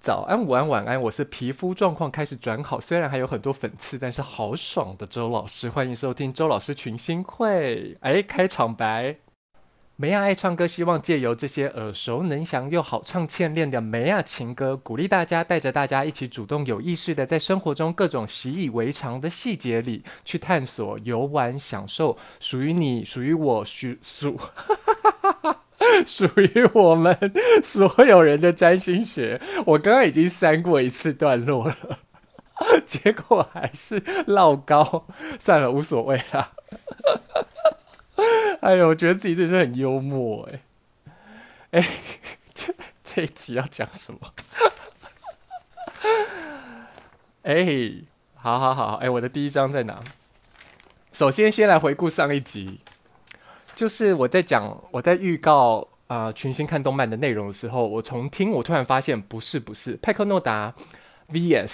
早安，午安，晚安，我是皮膚狀況開始轉好，雖然還有很多粉刺，但是好爽的周老師，歡迎收聽周老師群星會。哎，開場白，妹仔愛唱歌，希望借由這些耳熟能詳又好唱欠練的妹仔情歌，鼓勵大家帶着大家一起主動有意識地，在生活中各種習以為常的細節裡去探索、遊玩、享受屬於你、屬於我、屬屬。 屬於我們所有人的占星學，我剛剛已經刪過一次段落了，結果還是嘮高，算了，無所謂啦。哎呦，我覺得自己最近很幽默哎、欸。哎、欸，這這一集要講什麼？哎、欸，好好好，哎、欸，我的第一章在哪？首先，先來回顧上一集。就是我在講，我在預告啊、呃、群星看動漫的內容的時候，我從聽我突然發現，不是不是，派克諾達 VS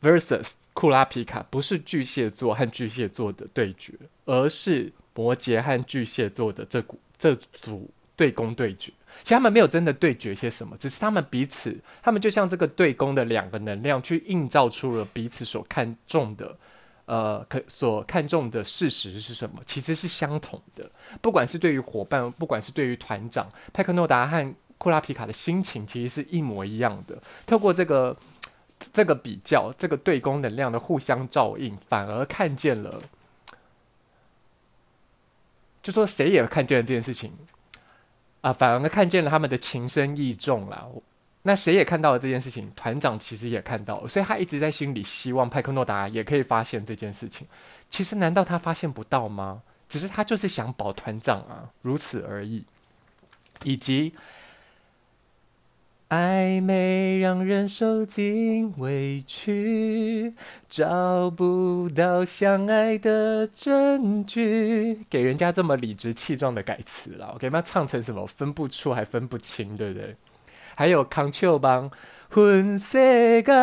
versus 庫拉皮卡，不是巨蟹座和巨蟹座的對決，而是摩羯和巨蟹座的這股這組對攻對決。其實他們沒有真的對決些什麼，只是他們彼此，他們就像這個對攻的兩個能量，去映照出了彼此所看重的。呃，可所看重的事實是什麼？其實是相同的，不管是對於夥伴，不管是對於團長，派克諾妲和庫拉皮卡的心情，其實是一模一樣的。透過這個這個比較，這個對宮能量的互相照應，反而看見了，就說誰也看見了這件事情啊、呃，反而看見了他們的情深意重了。那誰也看到了這件事情，團長其實也看到了，所以他一直在心裡希望派克諾達也可以發現這件事情。其實難道他發現不到嗎？只是他就是想保團長啊，如此而已。以及曖昧讓人受盡委屈，找不到相愛的證據，給人家這麼理直氣壯的改詞了，我給他唱成什麼？分不出還分不清，對不對？還有空笑夢，分世干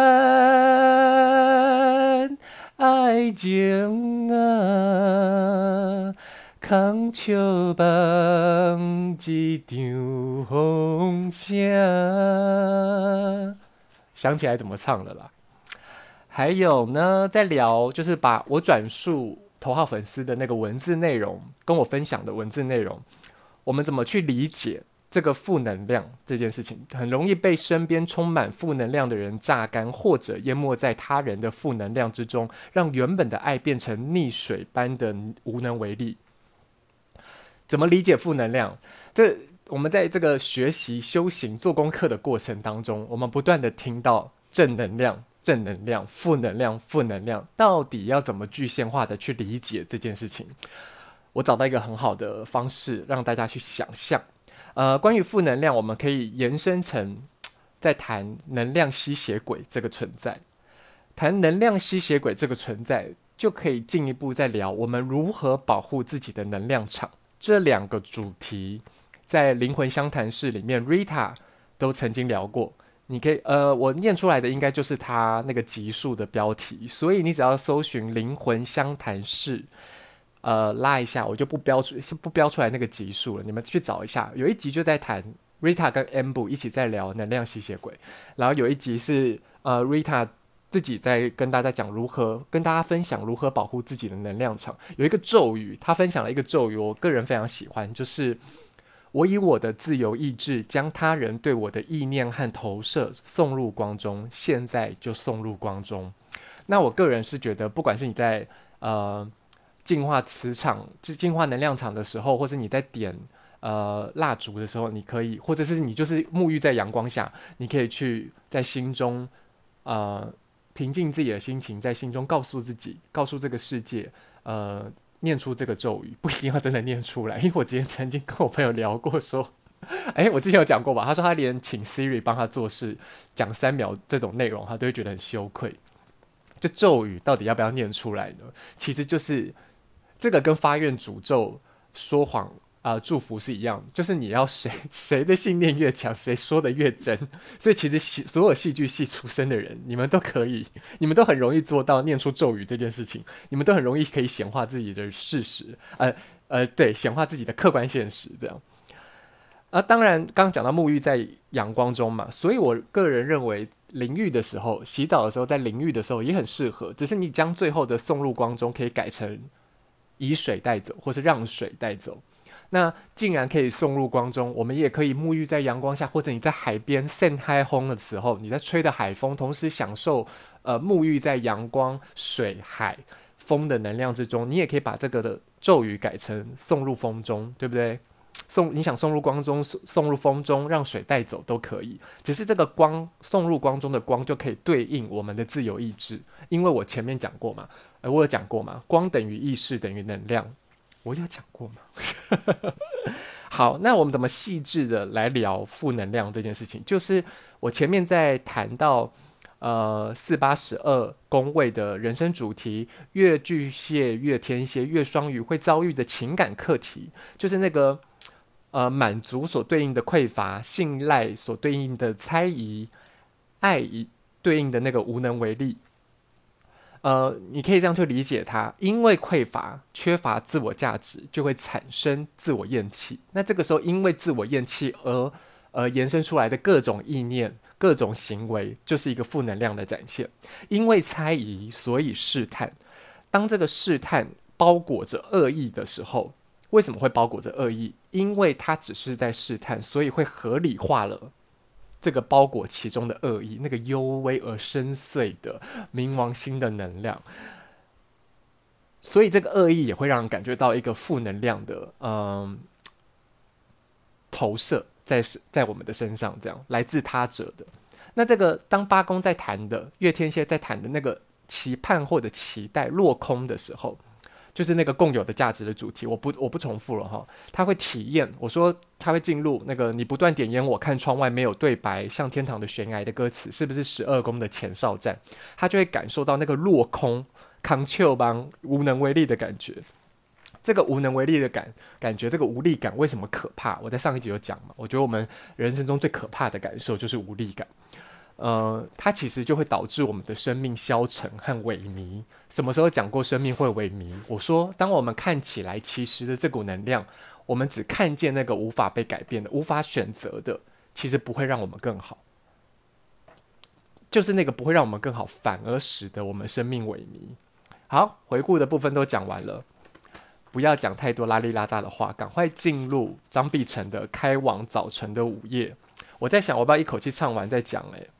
愛情啊，空笑夢一場紅聲。想起來怎麼唱的啦？還有呢，在聊就是把我轉述頭號粉絲的那個文字內容，跟我分享的文字內容，我們怎麼去理解？這個負能量這件事情很容易被身邊充滿負能量的人榨乾，或者淹沒在他人的負能量之中，讓原本的愛變成溺水般的無能為力。怎麼理解負能量？這我們在這個學習、修行、做功課的過程當中，我們不斷的聽到正能量、正能量、負能量、負能量，到底要怎麼具現化的去理解這件事情？我找到一個很好的方式，讓大家去想象。呃，關於負能量，我們可以延伸成在談能量吸血鬼這個存在。談能量吸血鬼這個存在，就可以進一步再聊我們如何保護自己的能量場。這兩個主題在靈魂相談室裡面，Rita 都曾經聊過。你可以，呃，我念出來的應該就是他那個集數的標題，所以你只要搜尋“靈魂相談室”。呃，拉一下，我就不標出，先不標出來那個集數了。你們去找一下，有一集就在談 Rita 跟 Amber 一起在聊能量吸血鬼，然後有一集是呃 Rita 自己在跟大家講如何跟大家分享如何保護自己的能量場。有一個咒語，他分享了一個咒語，我個人非常喜歡，就是我以我的自由意志將他人對我的意念和投射送入光中，現在就送入光中。那我個人是覺得，不管是你在呃。淨化磁場，就是淨化能量場的時候，或者你在點呃蠟燭的時候，你可以，或者是你就是沐浴在陽光下，你可以去在心中，呃，平靜自己的心情，在心中告訴自己，告訴這個世界，呃，念出這個咒語，不一定要真的念出來。因為我之前曾經跟我朋友聊過，說，誒、欸、我之前有講過吧？他說他連請 Siri 幫他做事，講三秒這種內容，他都會覺得很羞愧。就咒語到底要不要念出來呢？其實就是。這個跟發願、詛咒、說謊啊、呃、祝福是一樣，就是你要誰誰的信念越強，誰說的越真。所以其實戲所有戲劇系出身的人，你們都可以，你們都很容易做到念出咒語這件事情，你們都很容易可以顯化自己的事實，呃呃，對，顯化自己的客觀現實這樣。啊、呃，當然，剛剛講到沐浴在陽光中嘛，所以我個人認為淋浴的時候、洗澡的時候，在淋浴的時候也很適合，只是你將最後的送入光中可以改成。以水帶走，或是讓水帶走，那既然可以送入光中，我們也可以沐浴在陽光下，或者你在海邊曬海風的時候，你在吹的海風，同時享受，呃，沐浴在陽光、水、海風的能量之中，你也可以把這個的咒語改成送入風中，對不對？送你想送入光中，送送入風中，讓水帶走都可以。只是這個光送入光中的光，就可以對應我們的自由意志。因為我前面講過嘛，誒、呃，我有講過嘛，光等於意識等於能量，我有講過嗎？ 好，那我們怎麼細緻的來聊負能量這件事情？就是我前面在談到，呃，四八十二宮位的人生主題，月巨蟹月天蠍月雙魚會遭遇的情感課題，就是那個。呃，滿足所對應的匱乏，信賴所對應的猜疑，愛意對應的那個無能為力。呃，你可以這樣去理解它，因為匱乏、缺乏自我價值，就會產生自我厭棄。那這個時候，因為自我厭棄而、呃、延伸出來的各種意念、各種行為，就是一個負能量的展現。因為猜疑，所以試探。當這個試探包裹着惡意的時候。為什麼會包裹着惡意？因為它只是在試探，所以會合理化了這個包裹其中的惡意，那個幽微而深邃的冥王星的能量。所以這個惡意也會讓人感覺到一個負能量的，嗯、呃，投射在在我們的身上，這樣來自他者的。那這個當八宮在談的，月天蠍在談的那個期盼或者期待落空的時候。就是那個共有的價值的主題，我不我不重複了哈。他會體驗，我說他會進入那個你不斷點煙，我看窗外沒有對白，像天堂的懸崖的歌詞，是不是十二宮的前哨站？他就會感受到那個落空、control 無能為力的感覺。這個無能為力的感感覺，這個無力感為什麼可怕？我在上一集有講嘛。我覺得我們人生中最可怕的感受就是無力感。呃，它其實就會導致我們的生命消沉和萎靡。什麼時候講過生命會萎靡？我說，當我們看起來，其實的這股能量，我們只看見那個無法被改變的、無法選擇的，其實不會讓我們更好。就是那個不會讓我們更好，反而使得我們生命萎靡。好，回顧的部分都講完了，不要講太多邋裡邋遢的話，趕快進入張碧晨的《開往早晨的午夜》。我在想，我要不要一口氣唱完再講，欸？哎。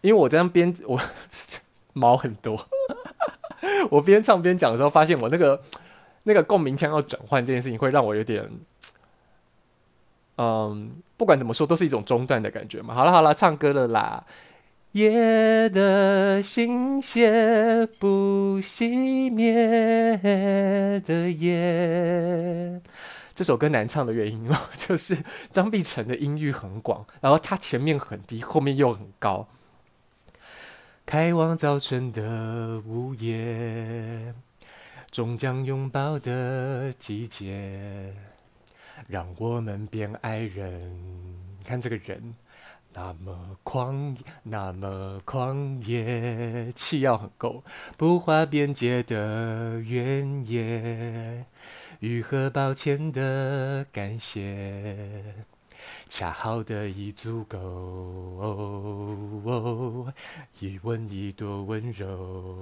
因為我這樣邊，我毛很多， 我邊唱邊講的時候，發現我那個那個共鳴腔要轉換這件事情，會讓我有點嗯，不管怎麼說，都是一種中斷的感覺嘛。好了好了，唱歌了啦。夜的星屑不熄滅的夜，這首歌難唱的原因哦，就是張碧晨的音域很廣，然後他前面很低，後面又很高。開往早晨的午夜，終將擁抱的季節，讓我們變愛人。你看這個人，那麼狂野，那麼狂野，氣要很夠，不畫邊界的原野，愈合抱歉的感謝。恰好的已足夠，哦哦、一吻一朵溫柔。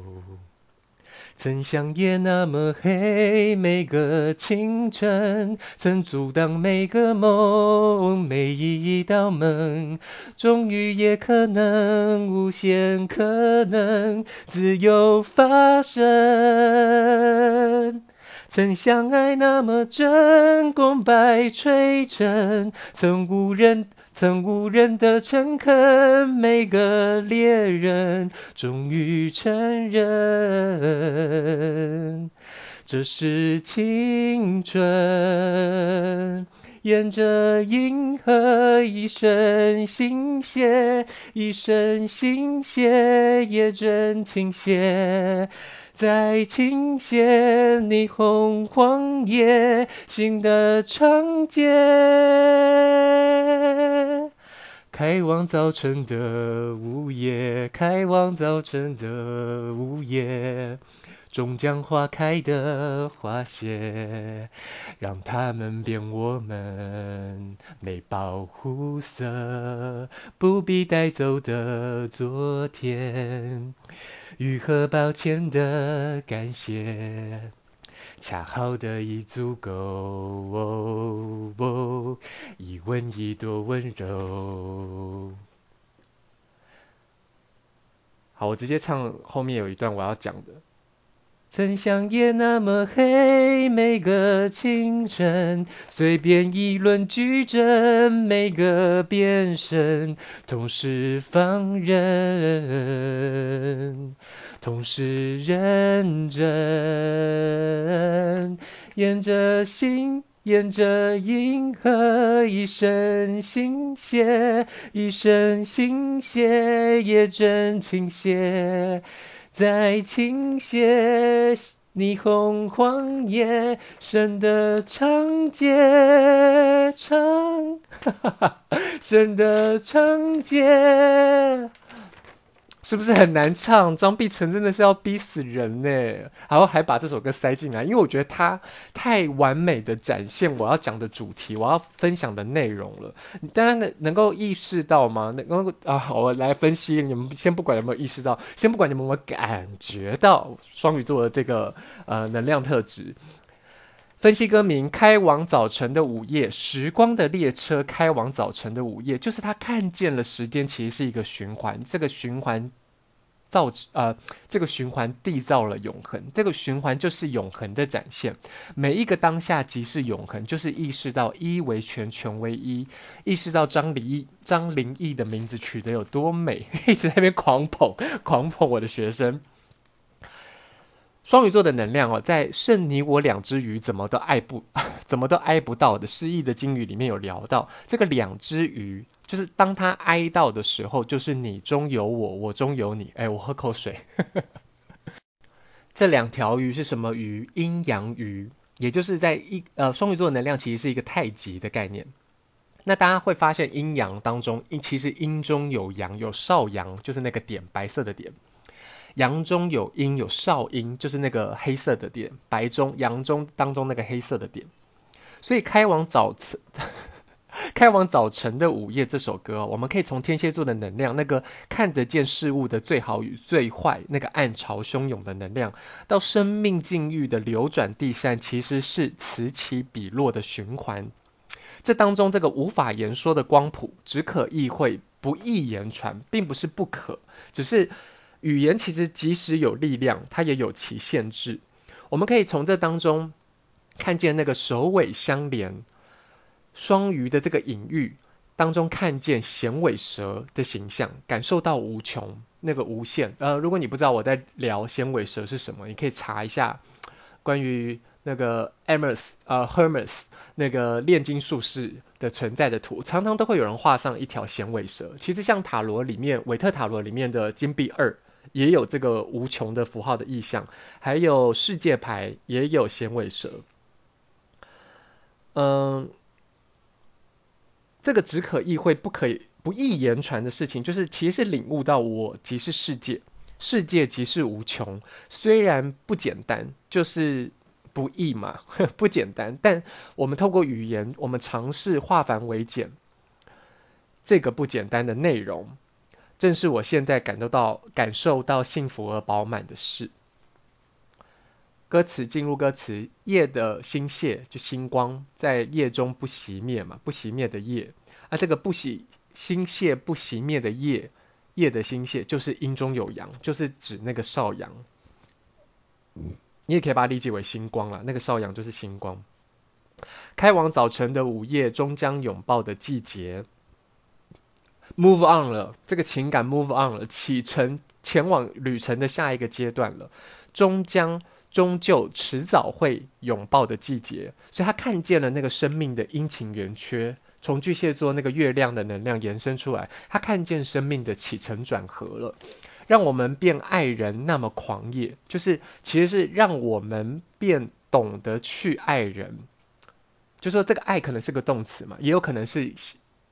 曾像夜那麼黑，每個清晨，曾阻擋每個夢，每一道門，終於也可能無限可能，自由發生。曾相愛那麼真，功敗垂成，曾無人，曾無人的誠懇，每個獵人終於承認，這是青春。沿着銀河，一血，一身星屑，一身星屑，夜正傾斜。在傾斜霓虹，荒野新的長街，開往早晨的午夜，開往早晨的午夜，終將花開的花謝，讓它們變我們沒保護色，不必帶走的昨天。癒合，和抱歉的感謝，恰好的已足夠，哦哦。一吻一朵溫柔。好，我直接唱後面有一段我要講的。曾想夜那麼黑，每個清晨隨便議論、舉證，每個變身同時放任，同時認真。 沿着星，沿着銀河，一身星屑，一身星屑，夜正傾斜。在傾斜霓虹荒野，神的長街，長，深 的長街。是不是很難唱？張碧晨真的是要逼死人呢！然後還把這首歌塞進來，因為我覺得它太完美地展現我要講的主題，我要分享的內容了。你當然，能夠意識到嗎？那啊，我、呃、來分析。你們先不管有沒有意識到，先不管你們有沒有感覺到雙魚座的這個呃能量特質。分析歌名《開往早晨的午夜》，時光的列車開往早晨的午夜，就是他看見了時間其實是一個循環，這個循環造呃，這個循環締造了永恆，這個循環就是永恆的展現。每一個當下即是永恆，就是意識到一為全，全為一。意識到張李義張林義的名字取得有多美，一直在那邊狂捧狂捧我的學生。雙魚座的能量哦，在剩你我兩隻魚怎麼都愛不怎麼都挨不到的失意的金魚裡面有聊到這個兩隻魚，就是當它挨到的時候，就是你中有我，我中有你。哎，我喝口水。 這兩條魚是什麼魚？陰陽魚，也就是在一呃雙魚座的能量其實是一個太極的概念。那大家會發現陰陽當中，其實陰中有陽，有少陽，就是那個點白色的點。陽中有陰，有少陰，就是那個黑色的點。白中陽中當中那個黑色的點，所以開往早晨， 開往早晨的午夜這首歌，哦，我們可以從天蠍座的能量，那個看得見事物的最好與最壞，那個暗潮洶湧的能量，到生命境遇的流轉遞嬗，其實是此起彼落的循環。這當中這個無法言說的光譜，只可意會，不易言傳，並不是不可，只是。語言其實即使有力量，它也有其限制。我們可以從這當中看見那個首尾相連，雙魚的這個隱喻當中，看見銜尾蛇的形象，感受到無窮，那個無限。呃，如果你不知道我在聊銜尾蛇是什麼，你可以查一下關於那個 Hermes 呃 Hermes 那個煉金術士的存在的圖，常常都會有人畫上一條銜尾蛇。其實像塔羅裡面，韋特塔羅裡面的金幣二。也有這個無窮的符號的意象，還有世界牌也有銜尾蛇。嗯，這個只可意會不可以不易言傳的事情，就是其實領悟到我即是世界，世界即是無窮。雖然不簡單，就是不易嘛呵呵，不簡單。但我們透過語言，我們嘗試化繁為簡，這個不簡單的內容。正是我現在感受到、感受到幸福而飽滿的事。歌詞，進入歌詞，夜的星屑就星光在夜中不熄滅嘛，不熄滅的夜。啊，這個不熄星屑不熄滅的夜，夜的星屑就是陰中有陽，就是指那個少陽。你也可以把它理解為星光了，那個少陽就是星光。開往早晨的午夜，終將擁抱的季節。Move on 了，這個情感 Move on 了，啟程前往旅程的下一個階段了，終將、終究、遲早會擁抱的季節。所以他看見了那個生命的陰晴圓缺，從巨蟹座那個月亮的能量延伸出來，他看見生命的起承轉合了，讓我們變愛人那麼狂野，就是其實是讓我們變懂得去愛人。就說這個愛可能是個動詞嘛，也有可能是。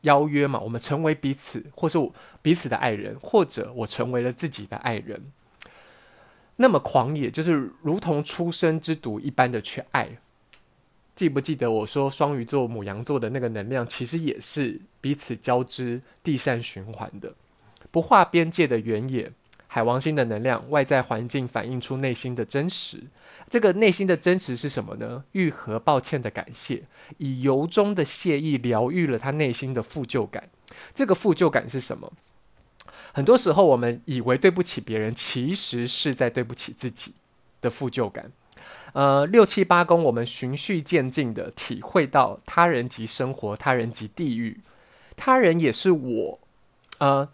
邀約嘛，我們成為彼此，或是彼此的愛人，或者我成為了自己的愛人。那麼狂野，就是如同初生之犢一般的去愛。記不記得我說雙魚座、牡羊座的那個能量，其實也是彼此交織、地善循環的，不劃邊界的原野。海王星的能量，外在環境反映出內心的真實。這個內心的真實是什麼呢？癒合、抱歉的感謝，以由衷的謝意療癒了他內心的負疚感。這個負疚感是什麼？很多時候，我們以為對不起別人，其實是在對不起自己的負疚感。呃，六七八宮，我們循序漸進地體會到他人即生活，他人即地獄，他人也是我。呃。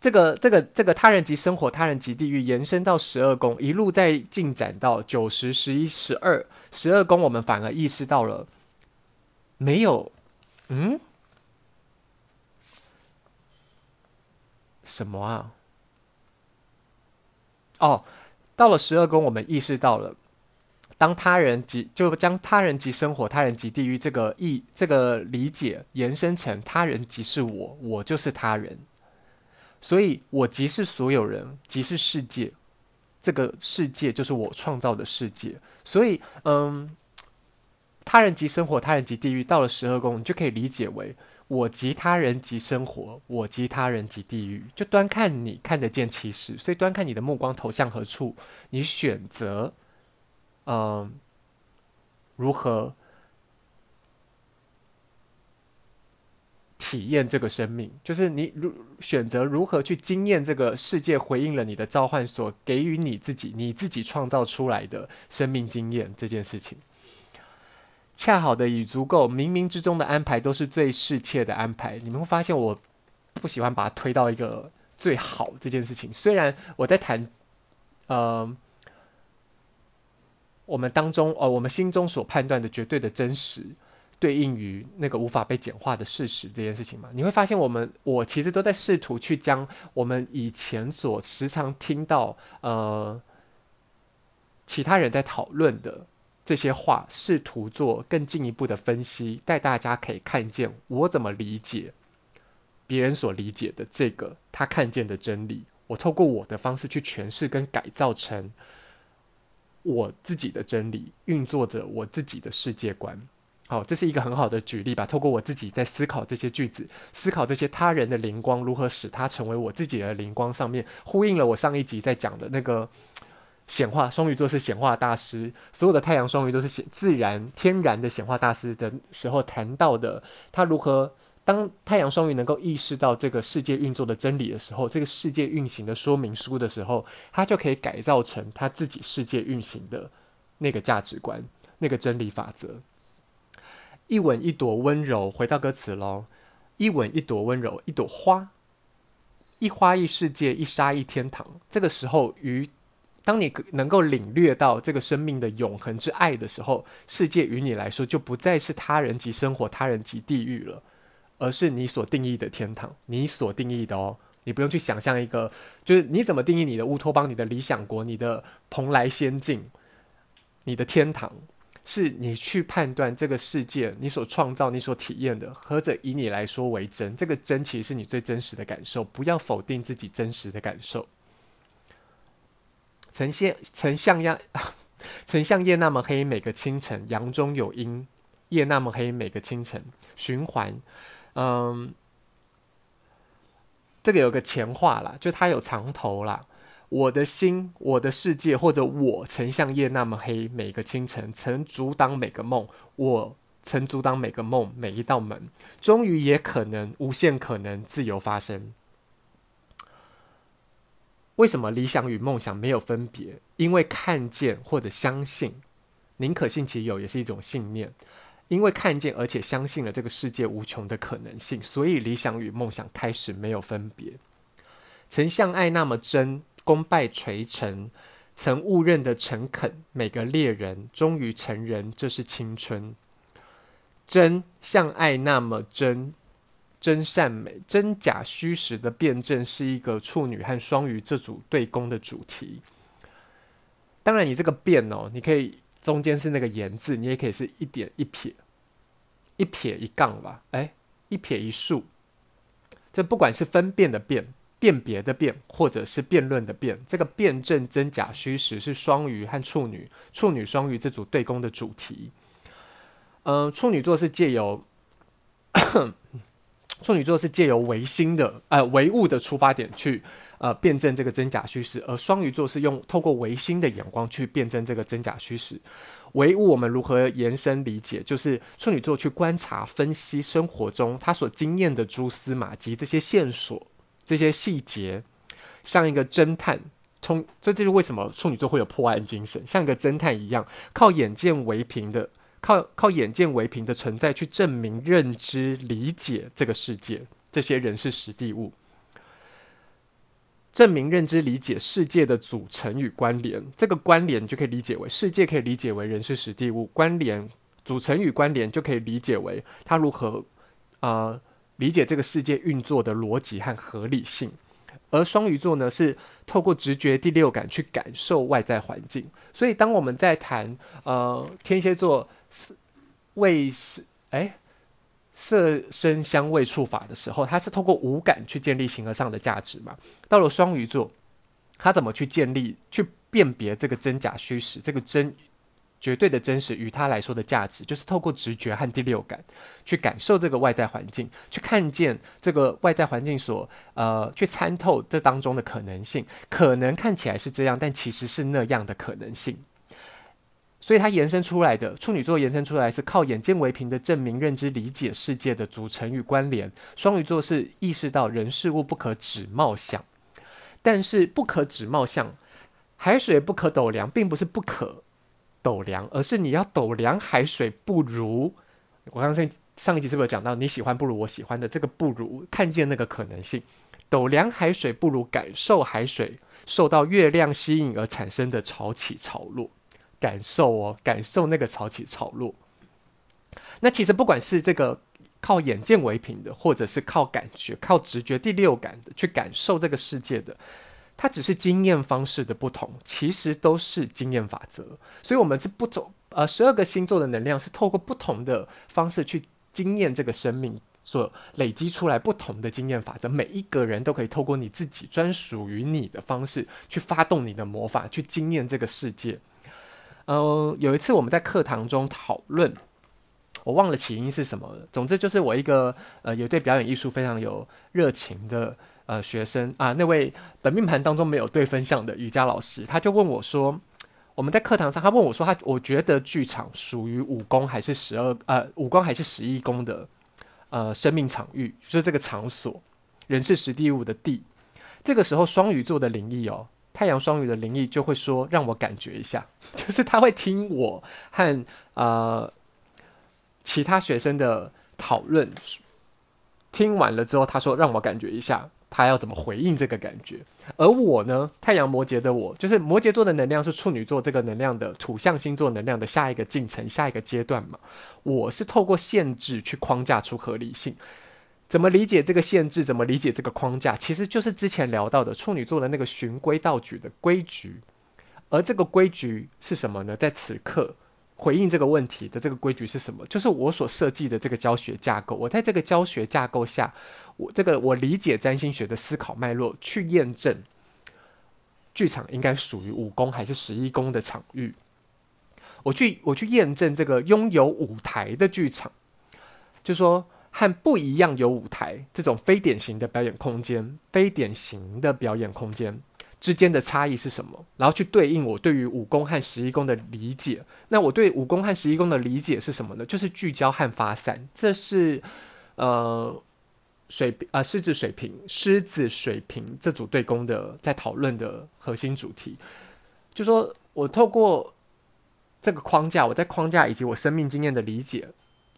這個這個這個他人即生活，他人即地獄，延伸到十二宮，一路再進展到九、十、十一、十二、十二宮，我們反而意識到了沒有，嗯，什麼啊？哦，到了十二宮，我們意識到了，當他人即就將他人即生活，他人即地獄這個意這個理解延伸成他人即是我，我就是他人。所以，我即是所有人，即是世界。這個世界就是我創造的世界。所以，嗯，他人即生活，他人即地獄。到了十二宮，你就可以理解為：我即他人即生活，我即他人即地獄。就端看你看得見其實，所以端看你的目光投向何處，你選擇，嗯，如何。體驗這個生命，就是你如選擇如何去經驗這個世界，回應了你的召喚，所給予你自己、你自己創造出來的生命經驗這件事情，恰好的已足夠。冥冥之中的安排都是最適切的安排。你們會發現，我不喜歡把它推到一個最好這件事情。雖然我在談，呃，我們當中，呃、哦，我們心中所判斷的絕對的真實。對應於那個無法被簡化的事實這件事情嘛，你會發現，我們我其實都在試圖去將我們以前所時常聽到，呃，其他人在討論的這些話，試圖做更進一步的分析，帶大家可以看見我怎麼理解別人所理解的這個他看見的真理，我透過我的方式去詮釋跟改造成我自己的真理，運作着我自己的世界觀。好，這是一個很好的舉例吧。透過我自己在思考這些句子，思考這些他人的靈光如何使他成為我自己的靈光，上面呼應了我上一集在講的那個顯化。雙魚座是顯化大師，所有的太陽雙魚都是顯自然、天然的顯化大師的時候談到的。他如何當太陽雙魚能夠意識到這個世界運作的真理的時候，這個世界運行的說明書的時候，他就可以改造成他自己世界運行的那個價值觀、那個真理法則。一吻一朵溫柔，回到歌詞嘍。一吻一朵溫柔，一朵花，一花一世界，一沙一天堂。這個時候，於當你能夠領略到這個生命的永恆之愛的時候，世界與你來說就不再是他人即生活、他人即地獄了，而是你所定義的天堂，你所定義的哦。你不用去想象一個，就是你怎麼定義你的烏托邦、你的理想國、你的蓬萊仙境、你的天堂。是你去判斷這個世界，你所創造、你所體驗的，何者以你來說為真。這個真其實是你最真實的感受，不要否定自己真實的感受。呈現呈像樣，呈、啊、像夜那麼黑，每個清晨。陽中有陰，夜那麼黑，每個清晨循環。嗯，這裡有個前話啦，就它有藏頭啦。我的心，我的世界，或者我曾像夜那麼黑，每個清晨曾阻擋每個夢，我曾阻擋每個夢，每一道門，終於也可能無限可能，自由發生。為什麼理想與夢想沒有分別？因為看見或者相信，寧可信其有也是一種信念。因為看見而且相信了這個世界無窮的可能性，所以理想與夢想開始沒有分別。曾像愛那麼真。功敗垂成，曾誤認的誠懇，每個獵人終於承認，這是青春。真像愛那麼真，真善美，真假虛實的辯證，是一個處女和雙魚這組對攻的主題。當然，你這個辯哦，你可以中間是那個言字，你也可以是一點一撇，一撇一槓吧，哎、欸，一撇一豎，這不管是分辨的辨。辨別的辨，或者是辯論的辯，這個辯證真假虛實，是雙魚和處女、處女雙魚這組對宮的主題。嗯、呃，處女座是借由處 女座是借由唯心的呃唯物的出發點去呃辯證這個真假虛實，而雙魚座是用透過唯心的眼光去辯證這個真假虛實。唯物我們如何延伸理解？就是處女座去觀察、分析生活中他所經驗的蛛絲馬跡這些線索。這些細節，像一個偵探，從這就是為什麼處女座會有破案精神，像一個偵探一樣，靠眼見為憑的，靠靠眼見為憑的存在去證明、認知、理解這個世界。這些人是實體物，證明認知、理解世界的組成與關聯。這個關聯，你就可以理解為世界可以理解為人是實體物，關聯組成與關聯，就可以理解為他如何啊。呃理解這個世界運作的邏輯和合理性，而雙魚座呢是透過直覺第六感去感受外在環境。所以當我們在談呃天蠍座色味是誒色聲香味觸法的時候，它是透過五感去建立形而上的價值嘛。到了雙魚座，他怎麼去建立、去辨別這個真假虛實？這個真。絕對的真實於他來說的價值，就是透過直覺和第六感去感受這個外在環境，去看見這個外在環境所呃去參透這當中的可能性。可能看起來是這樣，但其實是那樣的可能性。所以它延伸出來的處女座延伸出來是靠眼見為憑的證明認知理解世界的組成與關聯。雙魚座是意識到人事物不可指貌相，但是不可指貌相，海水不可斗量，並不是不可，斗量，而是你要斗量海水不如。我剛才上一集是不是有講到你喜歡不如我喜歡的這個不如？看見那個可能性，斗量海水不如感受海水受到月亮吸引而產生的潮起潮落，感受哦，感受那個潮起潮落。那其實不管是這個靠眼見為憑的，或者是靠感覺、靠直覺、第六感的去感受這個世界的。它只是經驗方式的不同，其實都是經驗法則。所以，我們是不同呃十二個星座的能量，是透過不同的方式去經驗這個生命所累積出來不同的經驗法則。每一個人都可以透過你自己專屬於你的方式，去發動你的魔法，去經驗這個世界。嗯、呃，有一次我們在課堂中討論，我忘了起因是什麼了，總之就是我一個呃，有對表演藝術非常有熱情的。呃，學生啊，那位本命盤當中沒有對分相的瑜伽老師，他就問我說：“我們在課堂上，他問我說他，他我覺得劇場屬於五宮還是十二呃五宮還是十一宮的呃生命場域，就是這個場所，人事時地物的地。這個時候，雙魚座的靈異哦，太陽雙魚的靈異就會說，讓我感覺一下，就是他會聽我和呃其他學生的討論，聽完了之後，他說讓我感覺一下。”他要怎麼回應這個感覺？而我呢，太陽摩羯的我，就是摩羯座的能量是處女座這個能量的土象星座能量的下一個進程、下一個階段嘛。我是透過限制去框架出合理性。怎麼理解這個限制？怎麼理解這個框架？其實就是之前聊到的處女座的那個循規蹈矩的規矩。而這個規矩是什麼呢？在此刻。回應這個問題的這個規矩是什麼？就是我所設計的這個教學架構。我在這個教學架構下，我這個我理解占星學的思考脈絡，去驗證劇場應該屬於五宮還是十一宮的場域。我去，我去驗證這個擁有舞台的劇場，就說和不一樣有舞台這種非典型的表演空間，非典型的表演空間。之間的差異是什麼？然後去對應我對於五宮和十一宮的理解。那我對五宮和十一宮的理解是什麼呢？就是聚焦和發散。這是，呃，水啊，獅子水瓶、獅子水瓶這組對宮的在討論的核心主題。就說我透過這個框架，我在框架以及我生命經驗的理解，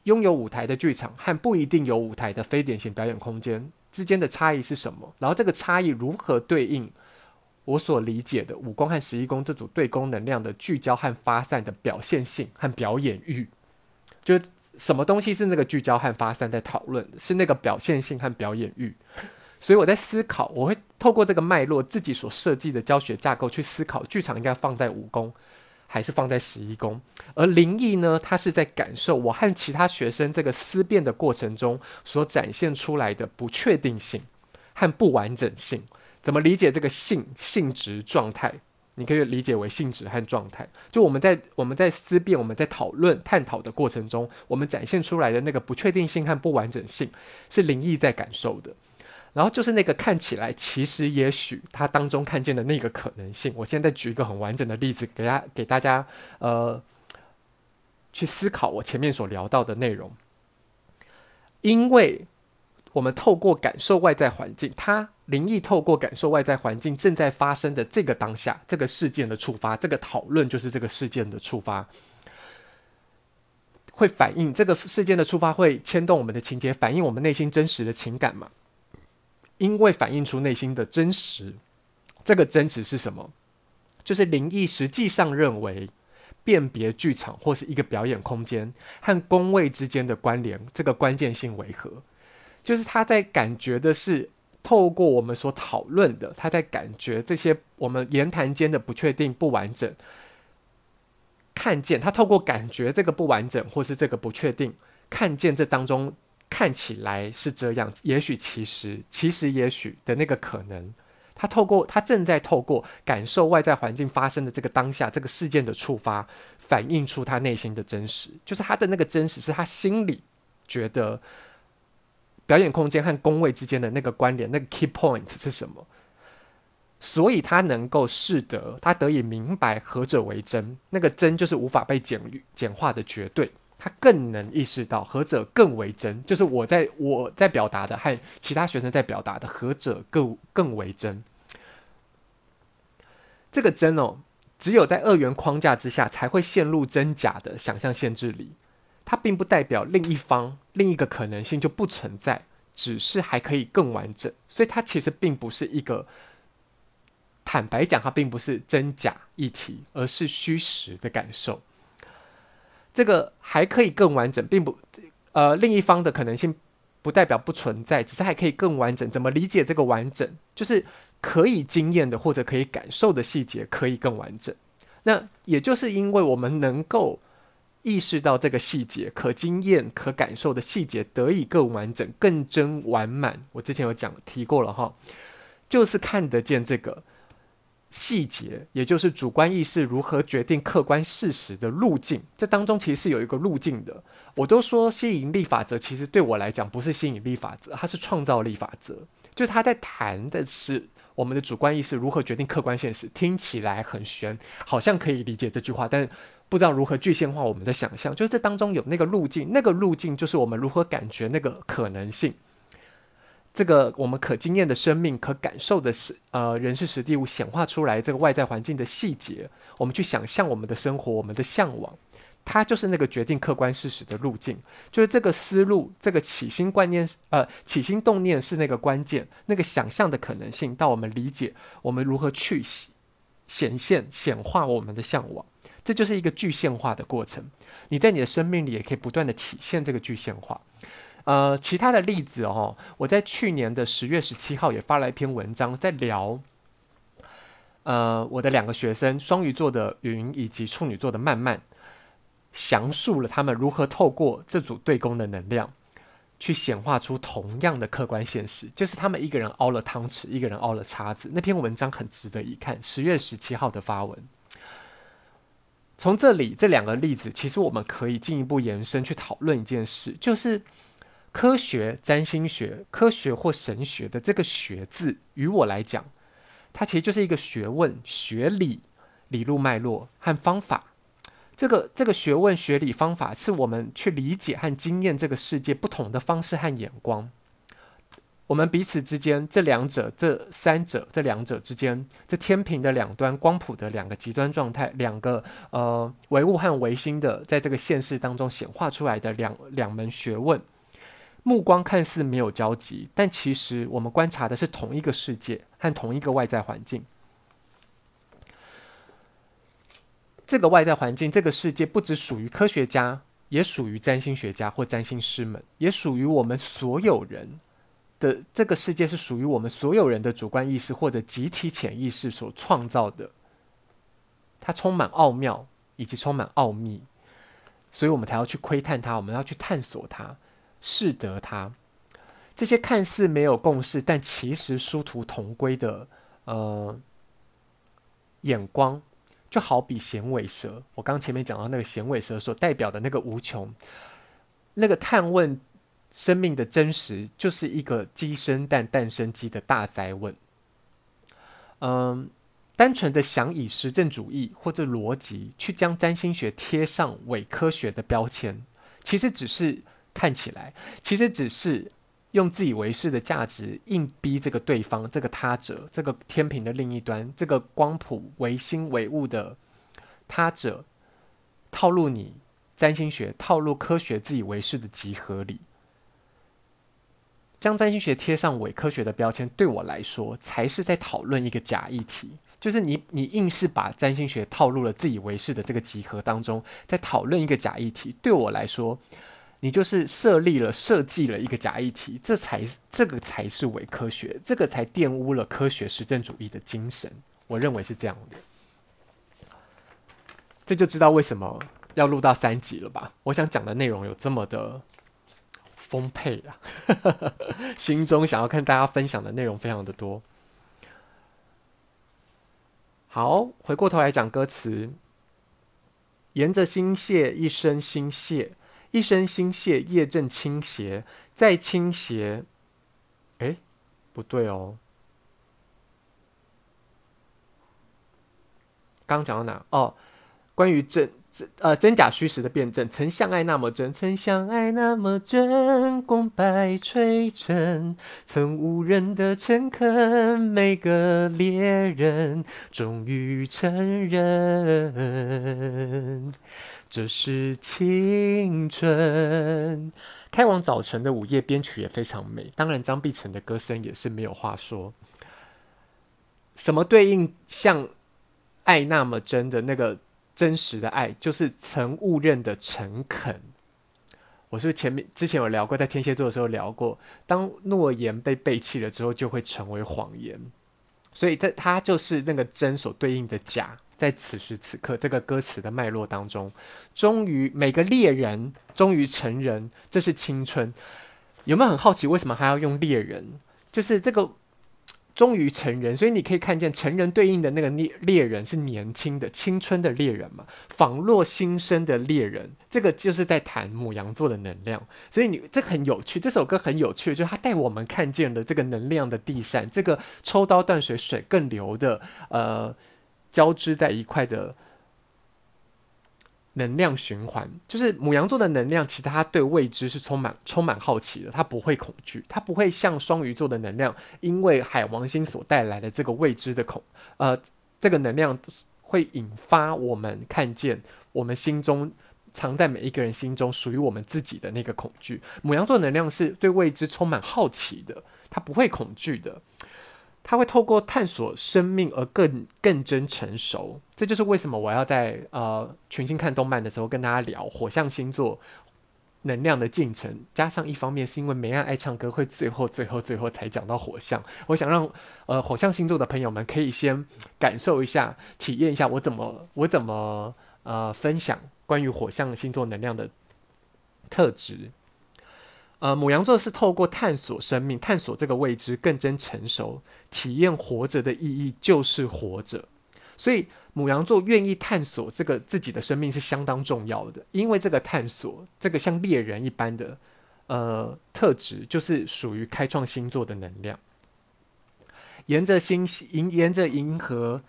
擁有舞台的劇場和不一定有舞台的非典型表演空間之間的差異是什麼？然後這個差異如何對應？我所理解的五宮和十一宮這組對宮能量的聚焦和發散的表現性和表演欲，就是什麼東西是那個聚焦和發散在討論的，是那個表現性和表演欲。所以我在思考，我會透過這個脈絡，自己所設計的教學架構去思考，劇場應該放在五宮還是放在十一宮。而靈異呢，它是在感受我和其他學生這個思辨的過程中所展現出來的不確定性和不完整性。怎麼理解這個性性質狀態？你可以理解為性質和狀態。就我們在我們在思辨、我們在討論、探討的過程中，我們展現出來的那個不確定性和不完整性，是靈異在感受的。然後就是那個看起來，其實也許它當中看見的那個可能性。我現在舉一個很完整的例子，給大家給大家呃，去思考我前面所聊到的內容，因為。我們透過感受外在環境，他靈異透過感受外在環境正在發生的這個當下，這個事件的觸發，這個討論就是這個事件的觸發，會反映這個事件的觸發會牽動我們的情節，反映我們內心真實的情感嘛？因為反映出內心的真實，這個真實是什麼？就是靈異實際上認為辨別劇場或是一個表演空間和宮位之間的關聯，這個關鍵性為何？就是他在感覺的是透過我們所討論的，他在感覺這些我們言談間的不確定、不完整，看見他透過感覺這個不完整或是這個不確定，看見這當中看起來是這樣，也許其實，其實也許的那個可能，他透過他正在透過感受外在環境發生的這個當下這個事件的觸發，反映出他內心的真實，就是他的那個真實是他心裡覺得。表演空間和工位之間的那個關聯，那個 key point 是什麼？所以他能夠使得他得以明白何者為真，那個真就是無法被簡簡化的絕對。他更能意識到何者更為真，就是我在我在表達的和其他學生在表達的何者更更為真。這個真哦，只有在二元框架之下才會陷入真假的想象限制裡。它並不代表另一方、另一個可能性就不存在，只是還可以更完整，所以它其實並不是一個坦白講，它並不是真假議題，而是虛實的感受。這個還可以更完整，並不呃，另一方的可能性不代表不存在，只是還可以更完整。怎麼理解這個完整？就是可以經驗的或者可以感受的細節可以更完整。那也就是因為我們能夠。意識到這個細節，可經驗、可感受的細節得以更完整、更真、完滿。我之前有講提過了哈，就是看得見這個細節，也就是主觀意識如何決定客觀事實的路徑。這當中其實是有一個路徑的。我都說吸引力法則，其實對我來講不是吸引力法則，它是創造力法則。就他在談的是。我們的主觀意識如何決定客觀現實？聽起來很玄，好像可以理解這句話，但不知道如何具象化我們的想象。就是這當中有那個路徑，那個路徑就是我們如何感覺那個可能性。這個我們可經驗的生命、可感受的呃人事實地物顯化出來，這個外在環境的細節，我們去想象我們的生活，我們的向往，它就是那個決定客觀事實的路徑，就是這個思路，這個起心觀念呃，起心動念是那個關鍵，那個想象的可能性到我們理解，我們如何去顯顯現顯化我們的向往，這就是一個具現化的過程。你在你的生命裡也可以不斷地體現這個具現化。呃，其他的例子哦，我在去年的十月十七號也發了一篇文章，在聊呃，我的兩個學生，雙魚座的云以及處女座的慢慢。詳述了他們如何透過這組對宮的能量，去顯化出同樣的客觀現實，就是他們一個人凹了湯匙，一個人凹了叉子。那篇文章很值得一看，十月十七號的發文。從這裡這兩個例子，其實我們可以進一步延伸去討論一件事，就是科學、占星學、科學或神學的這個“學”字，於我來講，它其實就是一個學問、學理、理路脈絡和方法。這個這個學問學理方法，是我們去理解和經驗這個世界不同的方式和眼光。我們彼此之間這兩者、這三者、這兩者之間，這天平的兩端、光譜的兩個極端狀態、兩個呃唯物和唯心的，在這個現實當中顯化出來的兩兩門學問，目光看似沒有交集，但其實我們觀察的是同一個世界和同一個外在環境。這個外在環境，這個世界不只屬於科學家，也屬於占星學家或占星師們，也屬於我們所有人的，這個世界是屬於我們所有人的主觀意識或者集體潛意識所創造的，它充滿奧妙以及充滿奧祕，所以我們才要去窺探它，我們要去探索它，適得它。這些看似沒有共識，但其實殊途同歸的呃眼光。就好比銜尾蛇，我剛前面講到那個銜尾蛇所代表的那個無窮，那個探問生命的真實，就是一個雞生蛋，蛋生雞的大哉問。嗯，單純的想以實證主義或者邏輯去將占星學貼上偽科學的標籤，其實只是看起來，其實只是。用自以為是的價值硬逼這個對方，這個他者，這個天平的另一端，這個光譜唯心唯物的他者，套路你占星學，套路科學自以為是的集合裡，將占星學貼上偽科學的標籤，對我來說，才是在討論一個假議題。就是你，你硬是把占星學套入了自以為是的這個集合當中，在討論一個假議題，對我來說。你就是設立了設計了一個假議題，這才這個才是偽科學，這個才玷污了科學實證主義的精神。我認為是這樣的，這就知道為什麼要錄到三集了吧？我想講的內容有這麼的豐沛啊， 心中想要跟大家分享的內容非常的多。好，回過頭來講歌詞，沿着心謝一生心謝。一身心血，夜正傾斜，再傾斜。哎，不對哦。剛剛講到哪？哦，關於正。真呃、，真假虛實的辯證，曾像愛那麼真，曾像愛那麼真，功敗垂成，曾誤認的誠懇，每個獵人終於承認，這是青春。開往早晨的午夜，編曲也非常美，當然張碧晨的歌聲也是沒有話說。什麼對應像愛那麼真的那個？真實的愛就是曾誤認的誠懇。我是前面之前有聊過，在天蠍座的時候聊過，當諾言被背棄了之後，就會成為謊言。所以這，在它就是那個真所對應的假，在此時此刻這個歌詞的脈絡當中，終於每個獵人終於成人，這是青春。有沒有很好奇為什麼還要用獵人？就是這個。終於成人，所以你可以看見成人對應的那個獵獵人是年輕的、青春的獵人嘛，仿若新生的獵人。這個就是在談牡羊座的能量，所以你這很有趣。這首歌很有趣，就是它帶我們看見了這個能量的遞嬗，這個抽刀斷水，水更流的，呃，交織在一塊的。能量循環就是牡羊座的能量，其實它對未知是充滿充滿好奇的，它不會恐懼，它不會像雙魚座的能量，因為海王星所帶來的這個未知的恐，呃，這個能量會引發我們看見我們心中藏在每一個人心中屬於我們自己的那個恐懼。牡羊座的能量是對未知充滿好奇的，它不會恐懼的。他會透過探索生命而更更臻成熟，這就是為什麼我要在呃群星看動漫的時候跟大家聊火象星座能量的進程。加上一方面是因為妹仔愛唱歌，會最後最後最後才講到火象。我想讓呃火象星座的朋友們可以先感受一下、體驗一下我怎麼我怎麼呃分享關於火象星座能量的特質。呃，牡羊座是透過探索生命，探索這個未知，更臻成熟，體驗活着的意義就是活着。所以牡羊座願意探索這個自己的生命是相當重要的，因為這個探索，這個像獵人一般的，呃特質，就是屬於開創星座的能量。沿着星銀，沿着銀河，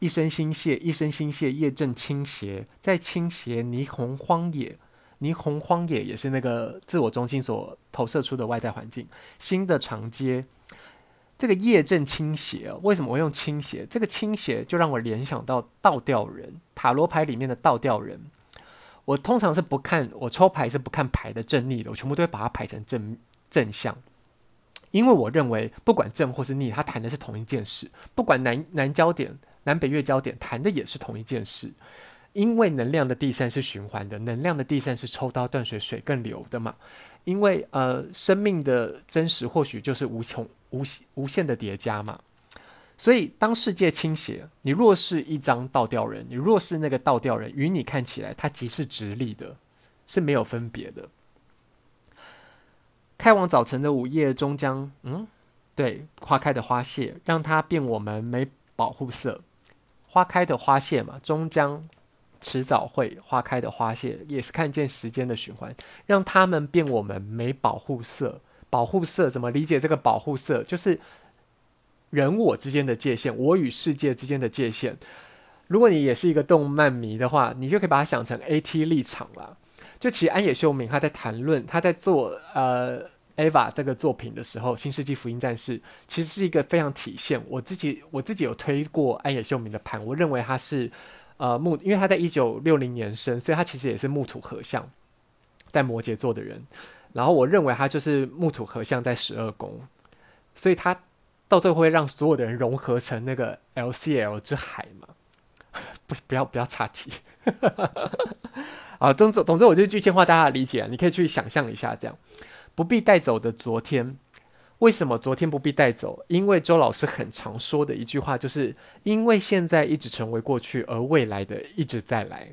一身星屑，一身星屑，夜正傾斜，在傾斜霓虹荒野。霓虹荒野也是那個自我中心所投射出的外在環境。新的長街，這個夜正傾斜。為什麼我用傾斜？這個傾斜就讓我聯想到倒吊人塔羅牌裡面的倒吊人。我通常是不看我抽牌是不看牌的正逆的，我全部都會把它排成正正向，因為我認為不管正或是逆，它談的是同一件事。不管南南焦點、南北月焦點，談的也是同一件事。因為能量的遞嬗是循環的，能量的遞嬗是抽刀斷水，水更流的嘛。因為呃，生命的真實或許就是無窮、無無限的疊加嘛。所以，當世界傾斜，你若是一張倒吊人，你若是那個倒吊人，與你看起來它即是直立的，是沒有分別的。開往早晨的午夜，終將嗯，對，花開的花謝，讓它變我們沒保護色。花開的花謝嘛，終將。遲早會花開的花謝，也是看見時間的循環，讓他們變我們沒保護色。保護色怎麼理解？這個保護色就是人我之間的界限，我與世界之間的界限。如果你也是一個動漫迷的話，你就可以把它想成 AT 立場啦。就其實安野秀明他在談論他在做呃 EVA 這個作品的時候，《新世紀福音戰士》其實是一個非常體現。我自己我自己有推過安野秀明的盤，我認為他是。呃木，因為他在一九六零年生，所以他其實也是木土合相，在摩羯座的人。然後我認為他就是木土合相在十二宮，所以他到最後會讓所有的人融合成那個 LCL 之海嘛？不不要不要岔題。啊 總之總，總之我就具象化大家的理解啊，你可以去想象一下這樣，不必帶走的昨天。為什麼昨天不必帶走？因為周老師很常說的一句話，就是因為現在一直成為過去，而未來的一直在來。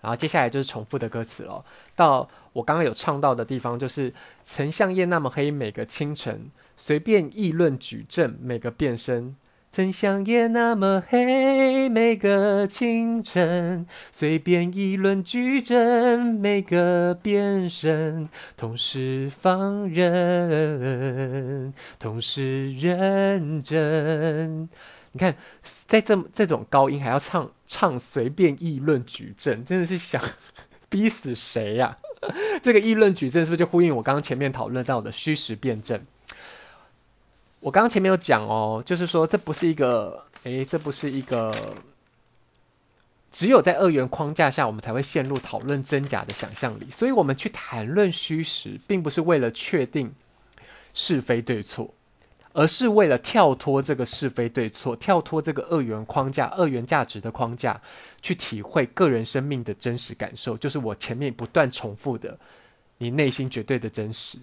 然後接下來就是重複的歌詞了，到我剛剛有唱到的地方，就是曾像夜那麼黑，每個清晨隨便議論舉證，每個變身。曾想夜那麼黑，每個清晨隨便議論舉證，每個變身同時放任，同時認真。你看，在這這種高音還要唱唱隨便議論舉證，真的是想逼死誰呀？啊？這個議論舉證是不是就呼應我剛剛前面討論到的虛實辯證？我剛剛前面有講哦，就是說這不是一個，誒，這不是一個，只有在二元框架下，我們才會陷入討論真假的想象力。所以，我們去談論虛實，並不是為了確定是非對錯，而是為了跳脫這個是非對錯，跳脫這個二元框架，二元價值的框架，去體會個人生命的真實感受。就是我前面不斷重複的，你內心絕對的真實。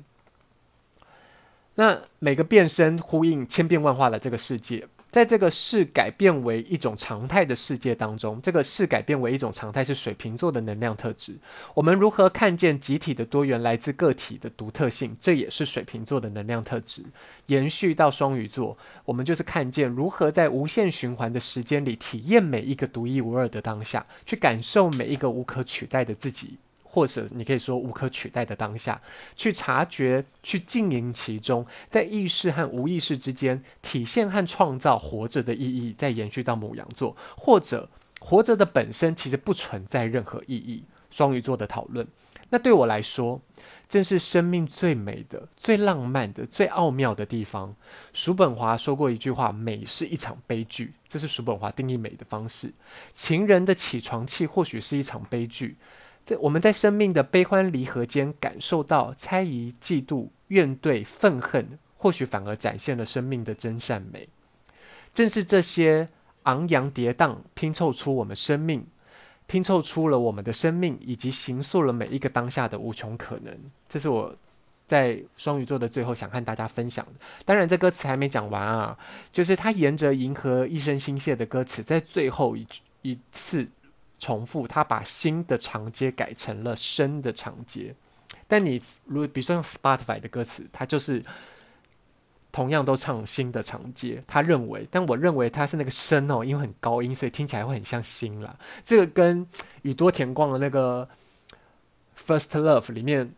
那每個變身呼應千變萬化的這個世界，在這個是改變為一種常態的世界當中，這個是改變為一種常態是水瓶座的能量特質。我們如何看見集體的多元來自個體的獨特性？這也是水瓶座的能量特質。延續到雙魚座，我們就是看見如何在無限循環的時間裡體驗每一個獨一無二的當下，去感受每一個無可取代的自己。或者你可以說無可取代的當下，去察覺、去經營其中，在意識和無意識之間，體現和創造活着的意義。再延續到牡羊座，或者活着的本身其實不存在任何意義。雙魚座的討論，那對我來說，正是生命最美的、最浪漫的、最奧妙的地方。叔本華說過一句話：“美是一場悲劇。”這是叔本華定義美的方式。情人的起床氣或許是一場悲劇。我們在生命的悲歡離合間感受到猜疑、嫉妒、怨懟、憤恨，或許反而展現了生命的真善美。正是這些昂揚跌宕，拼湊出我們生命，拼湊出了我們的生命，以及形塑了每一個當下的無窮可能。這是我在雙魚座的最後想和大家分享的。當然，這歌詞還沒講完啊，就是他沿着《銀河一生心謝》的歌詞，在最後一句一次。重複，他把新的長街改成了深的長街，但你如比如說用 Spotify 的歌詞，他就是同樣都唱新的長街，他認為，但我認為他是那個深哦，因為很高音，所以聽起來會很像新啦。這個跟宇多田光的那個 First Love 裡面，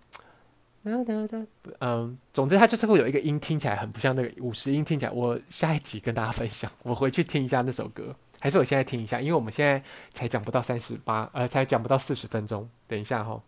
嗯，嗯，總之它就是會有一個音聽起來很不像那個五十音聽起來。我下一集跟大家分享，我回去聽一下那首歌。還是我現在聽一下，因為我們現在才講不到三十八，呃，才講不到四十分鐘。等一下哈，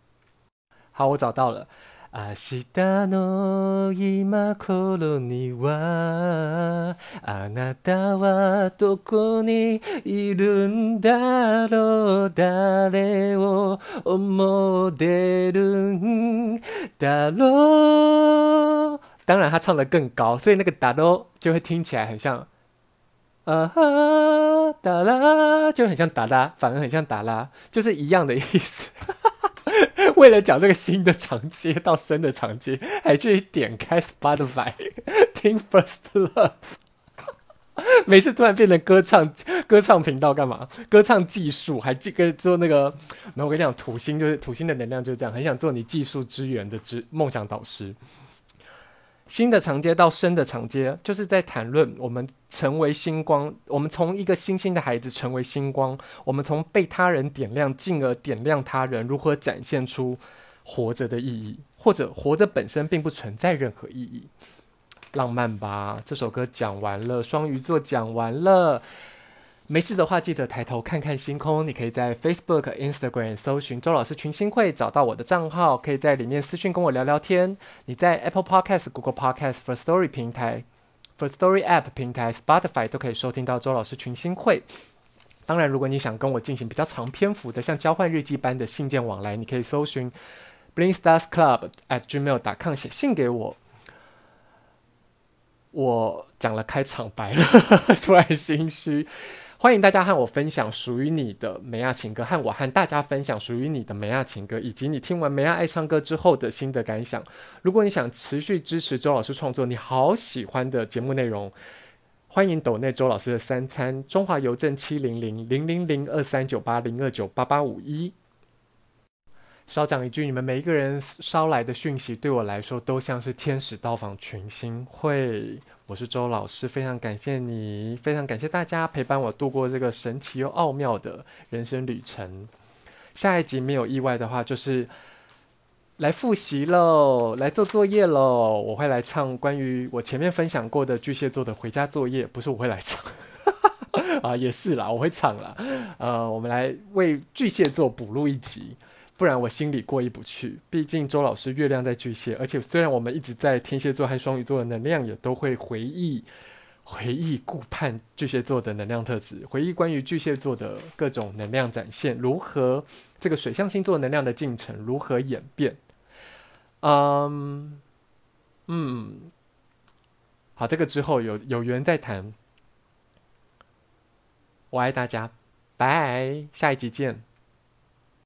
好，我找到了。啊，明日の今頃には、あなたはどこにいるんだろう、誰を想ってるんだろう。當然，他唱的更高，所以那個だろう就會聽起來很像，呃。打啦，就很像達拉，反而很像達拉，就是一樣的意思。 為了講這個新的長街到深的長街，還去點開 Spotify 聽 First Love。 每次突然變成歌唱、歌唱頻道幹嘛？歌唱技術還記跟做那個，那、嗯、我跟你講，土星就是土星的能量就是這樣，很想做你技術支援的之夢想導師。新的長街到深的長街，就是在談論我們成為星光，我們從一個星星的孩子成為星光，我們從被他人點亮，進而點亮他人，如何展現出活着的意義，或者活着本身並不存在任何意義，浪漫吧。這首歌講完了，雙魚座講完了。沒事的話，記得抬頭看看星空。你可以在 Facebook、Instagram 搜尋“周老師群星會”找到我的賬號，可以在裡面私信跟我聊聊天。你在 Apple Podcast、Google Podcast、For Story 平台、For Story App 平台、Spotify 都可以收聽到周老師群星會。當然，如果你想跟我進行比較長篇幅的，像交換日記般的信件往來，你可以搜尋 Bling Stars Club at Gmail，打抗寫信給我。我講了開場白了，呵呵，突然心虛。歡迎大家和我分享屬於你的妹仔情歌，和我和大家分享屬於你的妹仔情歌，以及你聽完妹仔愛唱歌之後的心得感想。如果你想持續支持周老師創作，你好喜歡的節目內容，歡迎抖內周老師的三餐，中華郵政七零零零零零二三九八零二九八八五一。稍講一句，你們每一個人捎來的訊息對我來說都像是天使到訪群星會。我是周老師，非常感謝你，非常感謝大家陪伴我度過這個神奇又奧妙的人生旅程。下一集沒有意外的話，就是來複習嘍，來做作業嘍。我會來唱關於我前面分享過的巨蟹座的回家作業，不是我會來唱 啊，也是啦，我會唱啦。呃，我們來為巨蟹座補錄一集。不然我心裡過意不去，畢竟周老師月亮在巨蟹，而且雖然我們一直在天蠍座和雙魚座的能量，也都會回憶、回憶、顧盼巨蟹座的能量特質，回憶關於巨蟹座的各種能量展現，如何這個水象星座能量的進程如何演變。嗯、um, 嗯，好，這個之後有有緣再談。我愛大家，拜，下一集見。